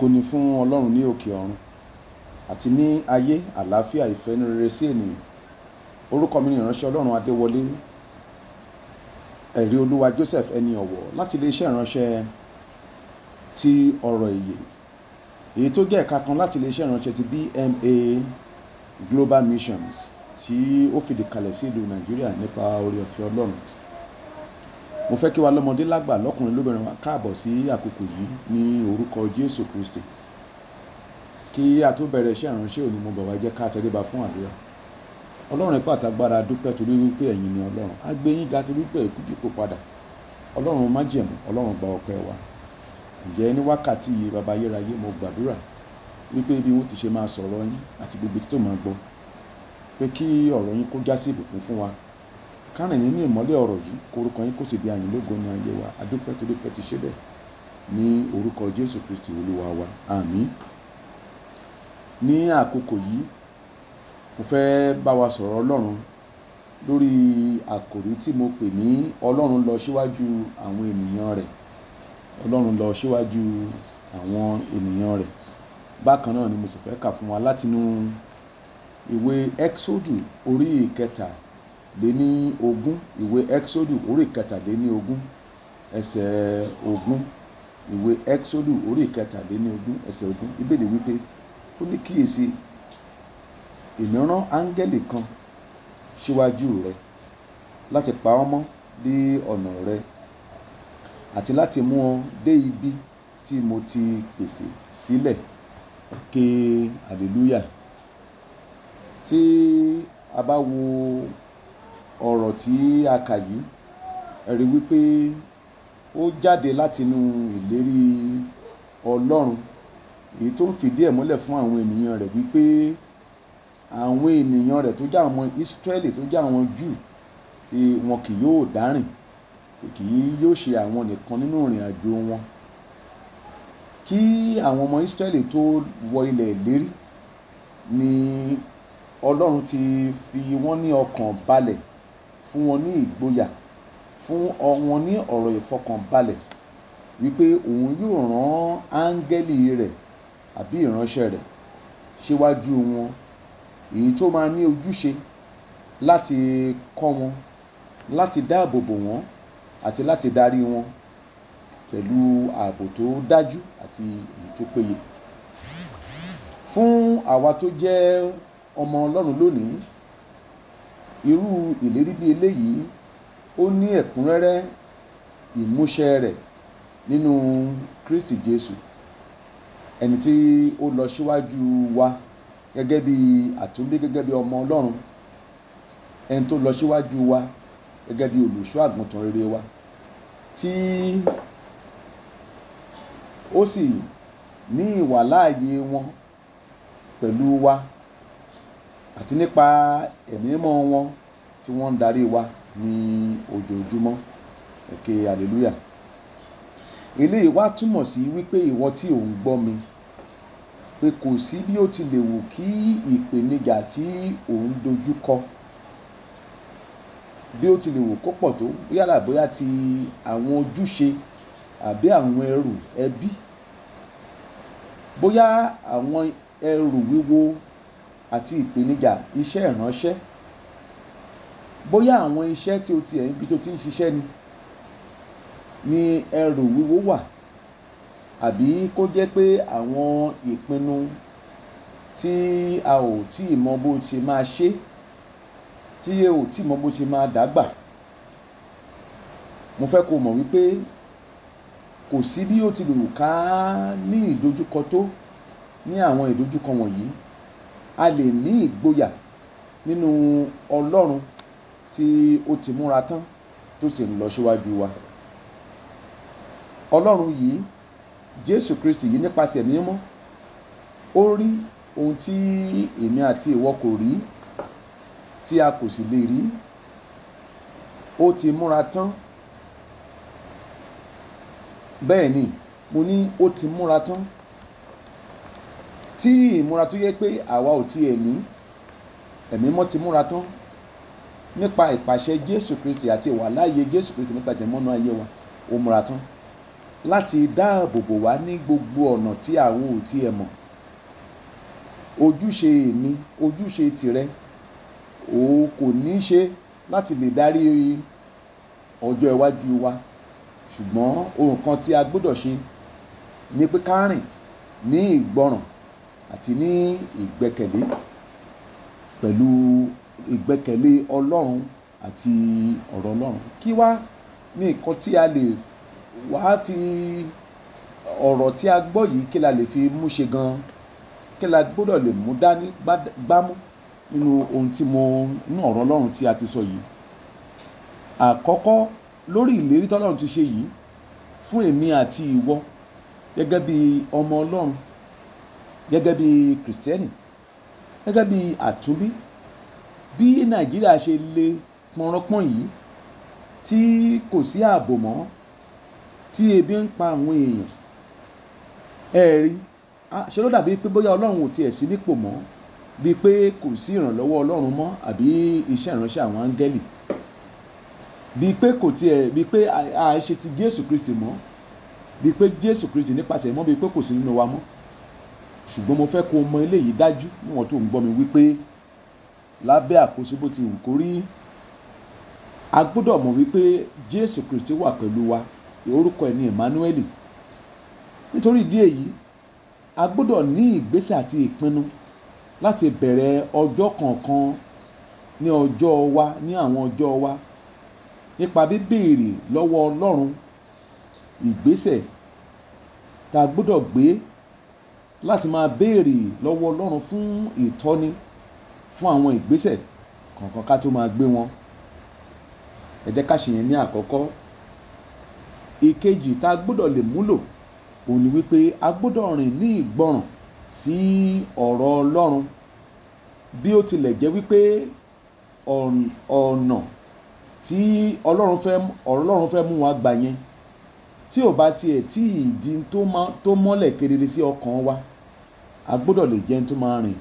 ògo ni fún Ọlọ́run ní òkè ọ̀run àti ní ayé àlàáfíà ìfẹ́ inú rere sí ènìyàn orúkọ mi ni ìránṣẹ́ Ọlọ́run Adéwọlé ẹ̀rí olúwa Joseph ẹni ọ̀wọ̀ láti iléeṣẹ́ ìránṣẹ́ ti ọ̀rọ̀ ìyè èyí tó jẹ́ ẹ̀ka kan láti iléeṣẹ́ ìránṣẹ́ ti BMA Global Missions tí ó fìdí kalẹ̀ sí ìlú Nàìjíríà nípa oore ọ̀fẹ́ Ọlọ́run mo fẹ́ kí wa lọ́mọdé lágbà lọ́kùnrin lóbìnrin wa káàbọ̀ sí àkókò yìí ní orúkọ Jésù Kristi kí a tó bẹ̀rẹ̀ iṣẹ́ ìránṣẹ́ òní mo bọ̀ wá jẹ́ ká tẹríba fún àdúrà ọlọ́run ẹ̀pọ̀ àtagbára dúpẹ́ torí wípé ẹ̀yin ni ọlọ́run á gbé yín ga torí pé èkú dípò padà ọlọ́run má jẹ̀mú ọlọ́run gba ọpẹ́ wa ǹjẹ́ ní wákàtí yìí baba ayérayé mo gbàdúrà wípé bí wọ́n ti ṣe máa sọ̀rọ̀ yín àti gbogbo títò máa gbọ́ pé kí ọ̀rọ̀ yín kó já ìbùkún fún wa kárìn nínú ìmọ́lẹ̀ ọ̀rọ̀ yìí korúkọ yín kò sì di àyìn lógo ní ayé wa adúpẹ́ torí pé ti ṣe bẹ́ẹ̀ ní orúkọ Jésù Kristi olúwa wa àmín ní àkókò yìí mo fẹ́ bá wa sọ̀rọ̀ Ọlọ́run lórí àkòrí tí mo pè ní Ọlọ́run lọ síwájú àwọn ènìyàn rẹ̀ Ọlọ́run lọ síwájú àwọn ènìyàn rẹ̀ bákan náà ni mo sì fẹ́ kà fún wa látinú ìwé Exodus orí ìkẹta lé ní ogún ìwé exodu orí kẹtàléní ogún ẹsẹ̀ ogún ìwé exodu orí kẹtàléní ogún ẹsẹ̀ ogún bíbélì wípé ó ní kíyèsí èmi rán áńgẹ́lì kan síwájú rẹ láti pa ọ́ mọ́ dé ọ̀nà rẹ àti láti mú ọ dé ibi tí mo ti pèsè sílẹ̀ ké hallelujah tí a bá wo ọ̀rọ̀ tí a kà yìí ẹ rí wípé ó jáde látinú ìlérí Ọlọ́run èyí tó ń fìdí ẹ̀ múlẹ̀ fún àwọn ènìyàn rẹ̀ wípé àwọn ènìyàn rẹ̀ tó jẹ́ àwọn Ísírẹ́lì tó jẹ́ àwọn Júù pé e, wọn kì yóò dárìn kì yóò ṣe àwọn nìkan nínú ìrìn àjò wọn kí àwọn ọmọ Ísírẹ́lì tó wọ ilẹ̀ ìlérí ni Ọlọ́run ti fi wọ́n ní ọkàn balẹ̀ fún wọn ní ìgboyà fún wọn ní ọ̀rọ̀ ìfọkànbalẹ̀ wípé òun yóò rán áńgẹ́lì rẹ̀ àbí ìránṣẹ́ rẹ̀ síwájú wọn èyí tó máa ní ojúṣe láti kọ́ wọn láti dáàbò bò wọ́n àti láti darí wọn pẹ̀lú ààbò tó dájú àti èyí tó péye fún àwa tó jẹ́ ọmọ Ọlọ́run lónìí irú ìlérí bí eléyìí ó ní ẹ̀kúnrẹ́rẹ́ ìmúṣẹ rẹ̀ nínú Kristi Jésù ẹni tí ó lọ síwájú wa gẹ́gẹ́ bí àtúnbí gẹ́gẹ́ bí ọmọ Ọlọ́run ẹni tó lọ síwájú wa gẹ́gẹ́ bí olùṣọ́ àgùntàn rere wa tí ó sì ní ìwàláàyè wọn pẹ̀lú wa. Si, àti nípa ẹ̀mí mọ́ wọn tí wọ́n ń darí wa ní ojoojúmọ́ èké hallelujah. eléyìí wá túmọ̀ sí wípé ìwọ tí ò ń gbọ́ mi pé kò sí bí ó ti lè wù kí ìpèníjà tí ò ń dojú kọ bí ó ti lè wù kó pọ̀ tó yálà bóyá ti àwọn ojúṣe àbí àwọn ẹrù ẹbí bóyá àwọn ẹrù wíwo àti ìpèníjà iṣẹ́ ìránṣẹ́ bóyá àwọn iṣẹ́ tí o ti ẹ̀ ń bí tó ti ń ṣiṣẹ́ ni ni ẹrù wíwó wà àbí kó jẹ́ pé àwọn ìpinnu tí a ò tí ì mọ bó ṣe máa ṣe tí a ò tí ì mọ bó ṣe máa dàgbà mo fẹ́ kó mọ̀ wípé kò sí bí ó ti lè ká ní ìdojúkọ tó ní àwọn ìdojúkọ wọ̀nyí a lè ní ìgboyà nínú Ọlọ́run tí ó ti múra tán tó sì ń lọ síwájú wa. Ọlọ́run yìí Jésù Kristi yìí nípasẹ̀ mímọ́ ó rí ohun tí èmi àti ìwọ kò rí tí a kò sì lè rí ó ti múra tán bẹ́ẹ̀ ni mo ní ó ti múra tán tí ìmúra tó yẹ pé àwa ò tiẹ̀ ní ẹ̀mí mọ́ ti múra tán nípa ìpàṣẹ Jésù Kristi àti ìwàláàyè Jésù Kristi nípasẹ̀ mọ́nú ayé wa ó múra tán láti dáàbò bò wá ní gbogbo ọ̀nà tí àwọn ò tiẹ̀ mọ̀ ojúṣe èmi ojúṣe tìrẹ o kò ní í ṣe láti lè darí ọjọ́ iwájú wa ṣùgbọ́n ohun kan tí a gbọ́dọ̀ ṣe ni pé ká rìn ní ìgbọràn àti ní ìgbẹ́kẹ̀lé pẹ̀lú ìgbẹ́kẹ̀lé Ọlọ́run àti ọ̀rọ̀ Ọlọ́run. Kí wá ní nǹkan tí a lè wá fi ọ̀rọ̀ tí a gbọ́ yìí kí la lè fi mú ṣe gan-an kí la gbọ́dọ̀ lè mú dání gbámú nínú ohun tí mo nínú ọ̀rọ̀ Ọlọ́run tí a ti sọ yìí. Àkọ́kọ́ lórí ìlérí tọ́lọ́run ti ṣe yìí fún èmi àti ìwọ gẹ́gẹ́ bí ọmọ Ọlọ́run gẹ́gẹ́ bí kìrìsìtẹ́nì gẹ́gẹ́ bí àtúnbí bí nàìjíríà ṣe le pọnrọpọ́n yìí tí kò sí ààbò mọ́ tí ebi ń pa àwọn èèyàn ẹ̀rí ṣe ló dàbí pé bóyá ọlọ́run ò tiẹ̀ sí nípò mọ́ bíi pé kò sí ìrànlọ́wọ́ ọlọ́run mọ́ àbí iṣẹ́ ìránṣẹ́ àwọn áńgẹ́lì bíi pé kò tiẹ̀ bíi pé àìṣe ti jésù kristi mọ́ bíi pé jésù kristi nípasẹ̀ mọ́ bíi pé kò sí nínú wa mọ́ ṣùgbọ́n mo fẹ́ kó o mọ eléyìí dájú níwọ̀n tó ń gbọ́ mi wípé lábẹ́ àkóso bó ti wù kó rí a gbọ́dọ̀ mọ̀ wípé Jésù Kristi wà pẹ̀lú wa orúkọ ẹ̀ ní Emmanuel nítorí ìdí èyí a gbọ́dọ̀ ní ìgbésẹ̀ àti ìpinnu láti bẹ̀rẹ̀ ọjọ́ kọ̀ọ̀kan ní ọjọ́ wa ní àwọn ọjọ́ wa nípa bíbéèrè lọ́wọ́ Ọlọ́run ìgbésẹ̀ tá a gbọ́dọ̀ gbé láti máa béèrè lọ́wọ́ Ọlọ́run fún ìtọ́ni fún àwọn ìgbésẹ̀ kọ̀ọ̀kan ká tó máa gbé wọn ẹ jẹ́ ká ṣe yẹn ní àkọ́kọ́ ìkejì tá a gbọ́dọ̀ lè múlò òun ni wípé a gbọ́dọ̀ rìn ní ìgbọràn sí ọ̀rọ̀ Ọlọ́run bí ó tilẹ̀ jẹ́ wípé ọ̀nà tí Ọlọ́run fẹ́ mú wa gbà yẹn tí ò bá tiẹ̀ tí ìdí tó mọ́lẹ̀ kedere sí ọkàn wa a gbọ́dọ̀ lè jẹ́ tó máa rìn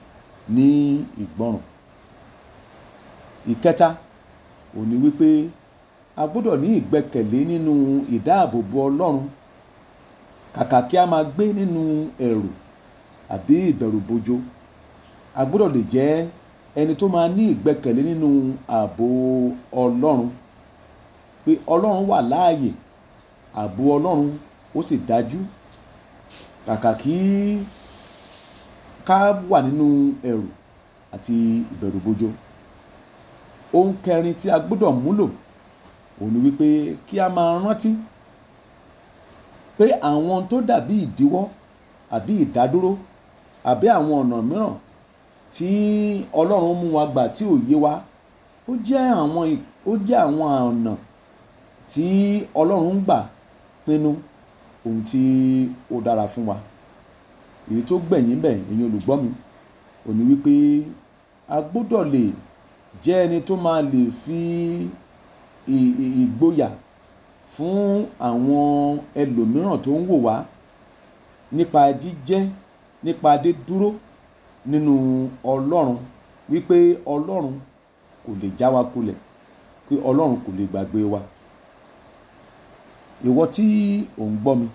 ní ìgbọràn. ìkẹta ò ní wípé a gbọ́dọ̀ ní ìgbẹ́kẹ̀lé nínú ìdáàbòbò Ọlọ́run kàkà kí a máa gbé nínú ẹ̀rù àbí ìbẹ̀rùbojo a gbọ́dọ̀ lè jẹ́ ẹni tó máa ní ìgbẹ́kẹ̀lé nínú ààbò Ọlọ́run pé Ọlọ́run wà láàyè ààbò Ọlọ́run ó sì dájú kàkà kí ká wà nínú ẹ̀rù àti ìbẹ̀rùbojo ohun kẹrin tí a gbọ́dọ̀ múlò òun ni wípé kí a máa rántí pé àwọn tó dàbí ìdíwọ́ àbí ìdádúró àbí àwọn ọ̀nà mìíràn tí Ọlọ́run mú wa gbà tí ò yé wa ó jẹ́ àwọn ọ̀nà tí Ọlọ́run gbà pinnu ohun tí ó dára fún wa èyí tó gbẹ̀yìn bẹ̀ ẹ̀yin olùgbọ́ mi ò ní wípé a gbọ́dọ̀ lè jẹ́ ẹni tó máa lè fi ìgboyà fún àwọn ẹlòmíràn tó ń wò wá nípa jíjẹ́ nípa dídúró nínú Ọlọ́run wípé Ọlọ́run kò lè já wa kulẹ̀ pé Ọlọ́run kò lè gbàgbé wa ìwọ tí ò ń gbọ́ mi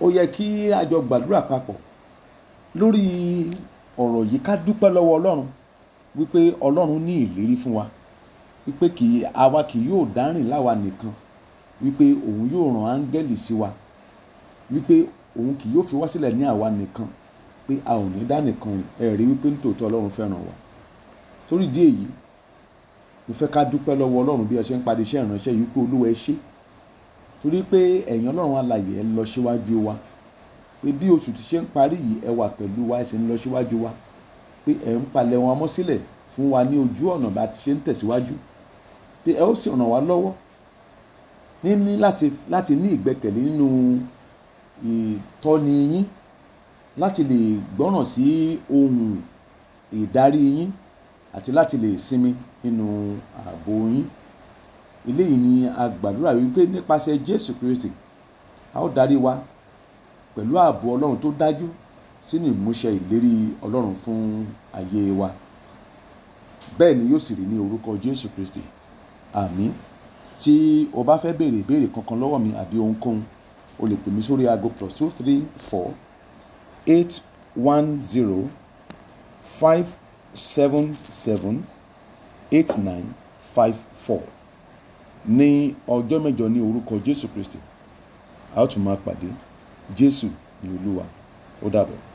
ó yẹ kí a jọ gbàdúrà papọ̀ lórí ọ̀rọ̀ yìí ká dúpẹ́ lọ́wọ́ ọlọ́run wípé ọlọ́run ní ìlérí fún wa wípé kì í àwa kì yóò dárìn láwa nìkan wípé òun yóò rán áńgẹ́lì sí wa wípé òun kì yóò fi wá sílẹ̀ ní àwa nìkan pé a ò ní dá nìkan ẹ̀rí wípé nítòótọ́ ọlọ́run fẹ́ràn wa torí ìdí èyí mo fẹ́ ká dúpẹ́ lọ́wọ́ ọlọ́run bí ẹ ṣe ń padì iṣẹ́ ìránṣẹ́ yìí pé olúwa ẹ ṣé torí pé ẹ̀yin ọlọ́run alààyè ẹ lọ síwájú wa pé bí oṣù ti ṣe ń parí yìí ẹ wà pẹ̀lú wa ẹ sì ń lọ síwájú wa pé ẹ ń palẹ̀ wọn mọ́ sílẹ̀ fún wa ní ojú ọ̀nà bá ti ṣe ń tẹ̀síwájú pé ẹ ó sì ràn wá lọ́wọ́ níní láti láti ní ìgbẹ́kẹ̀lé nínú ìtọ́ni yín láti lè gbọ́ràn sí ohun ìdarí yín àti láti lè sinmi nínú ààbò yín. Eléyìí ni a gbàdúrà wípé nípasẹ̀ Jésù Kristi a ó darí wa pẹ̀lú ààbò Ọlọ́run tó dájú sínú ìmúṣẹ ìlérí Ọlọ́run fún ayé wa. Bẹ́ẹ̀ ni yóò sì rí ní orúkọ Jésù Kristi. Àmín. Tí o bá fẹ́ béèrè ìbéèrè kankan lọ́wọ́ mi àbí ohunkóhun, o lè pè mí sórí aago plus two three four eight one zero five seven seven eight nine five four ní ọjọ́ mẹ́jọ ní orúkọ Jésù Kristi a ó tún máa pàdé Jésù ni Olúwa ó dàbọ̀.